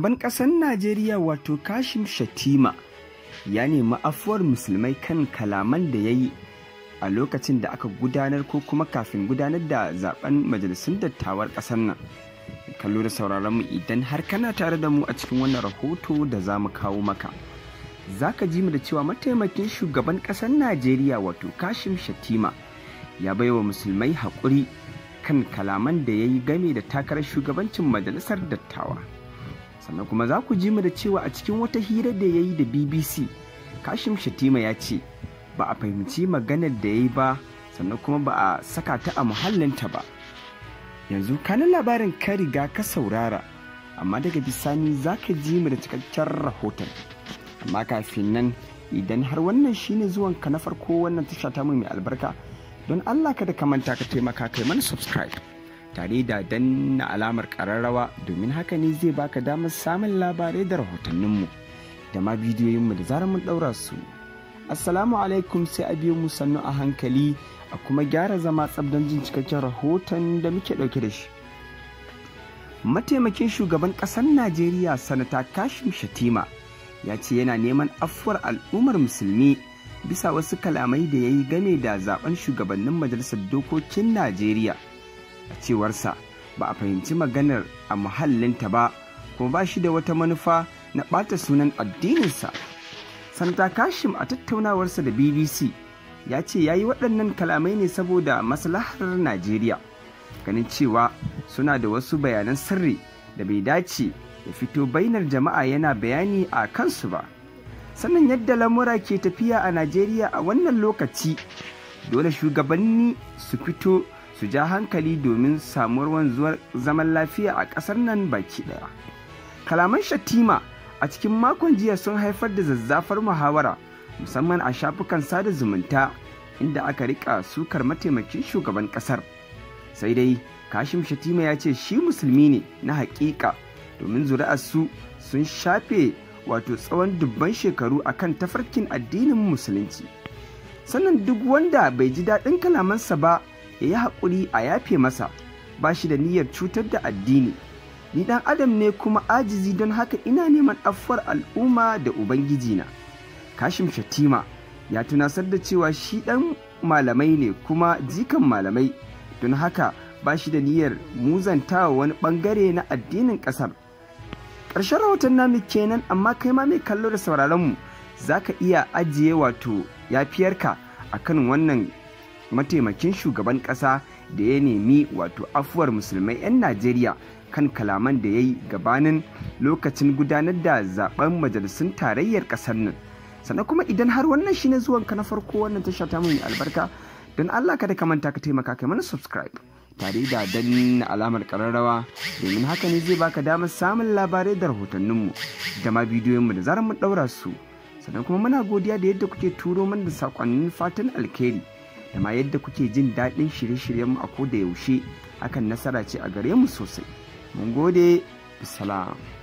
Shugaban ƙasar Najeriya wato Kashim Shatima ya nemi afuwar musulmai kan kalaman da ya yi a lokacin da aka gudanar ko kuma kafin gudanar da zaben majalisun dattawar ƙasar nan. Kallo da sauraron mu idan har kana tare da mu a cikin wannan rahoto da za mu kawo maka. Za ka ji mu da cewa mataimakin shugaban ƙasar Najeriya wato Kashim Shatima ya baiwa musulmai haƙuri kan kalaman da ya yi game da takarar shugabancin majalisar dattawa. sannan kuma za ku ji mu da cewa a cikin wata hira da ya yi da bbc kashim shatima ya ce ba a fahimci maganar da ya yi ba sannan kuma ba a saka ta a muhallinta ba yanzu kanin labarin ka riga ka saurara amma daga bisani za ka ji mu da cikakken rahoton amma kafin nan idan har wannan shine zuwan ka na farko wannan tasha ta mai albarka don allah kada ka manta ka taimaka kai mana subscribe tare da danna alamar ƙararrawa domin haka ne zai baka damar samun labarai da rahotanninmu da ma bidiyoyinmu da zarar mun ɗaura su. Assalamu alaikum sai a biyo mu sannu a hankali a kuma gyara zama tsabdan jin cikakken rahoton da muke ɗauke da shi. Mataimakin shugaban ƙasar Najeriya sanata Kashim Shatima ya ce yana neman afuwar al'ummar musulmi bisa wasu kalamai da ya yi game da zaben shugabannin majalisar dokokin Najeriya. cewarsa ba a fahimci maganar a muhallinta ba kuma ba shi da wata manufa na ɓata sunan addininsa Santa kashim a tattaunawarsa da bbc ya ce ya yi waɗannan kalamai ne saboda maslahar najeriya ganin cewa suna da wasu bayanan sirri da bai dace ya fito bainar jama'a yana bayani a kansu ba sannan yadda lamura ke tafiya a najeriya a wannan lokaci dole shugabanni su fito su ja hankali domin samuwar wanzuwar zaman lafiya a ƙasar nan baki ɗaya. Kalaman Shatima a cikin makon jiya sun haifar da zazzafar muhawara musamman a shafukan sada zumunta inda aka rika sukar mataimakin shugaban ƙasar. Sai dai Kashim Shatima ya ce shi musulmi ne na haƙiƙa domin zuri'arsu sun shafe wato tsawon dubban shekaru akan tafarkin addinin musulunci. sannan duk wanda bai ji daɗin kalamansa ba ya yi haƙuri a yafe masa ba shi da niyyar cutar da addini ni ɗan adam ne kuma ajizi don haka ina neman afuwar al'umma da ubangijina kashim shatima ya tunasar da cewa shi ɗan malamai ne kuma jikan malamai don haka ba shi da niyyar muzantawa wani ɓangare na addinin ƙasar ƙarshen rahoton namu kenan amma kai ma mai kallo da sauraronmu za ka iya ajiye wato yafiyarka a kan wannan mataimakin shugaban ƙasa da ya nemi wato afuwar musulmai 'yan najeriya kan kalaman da ya yi gabanin lokacin gudanar da zaben majalisun tarayyar ƙasar nan sannan kuma idan har wannan shine zuwan ka na farko wannan tasha ta mai albarka don allah ka da ka manta ka taimaka kai mana subscribe tare da danna alamar kararrawa domin haka ne zai baka damar samun labarai da rahotanninmu da ma bidiyonmu da zarar mun ɗaura su sannan kuma muna godiya da yadda kuke turo mana da saƙonnin fatan alkhairi da ma yadda kuke jin daɗin shirye-shiryenmu a ko da yaushe akan nasara ce a gare mu sosai mun gode salam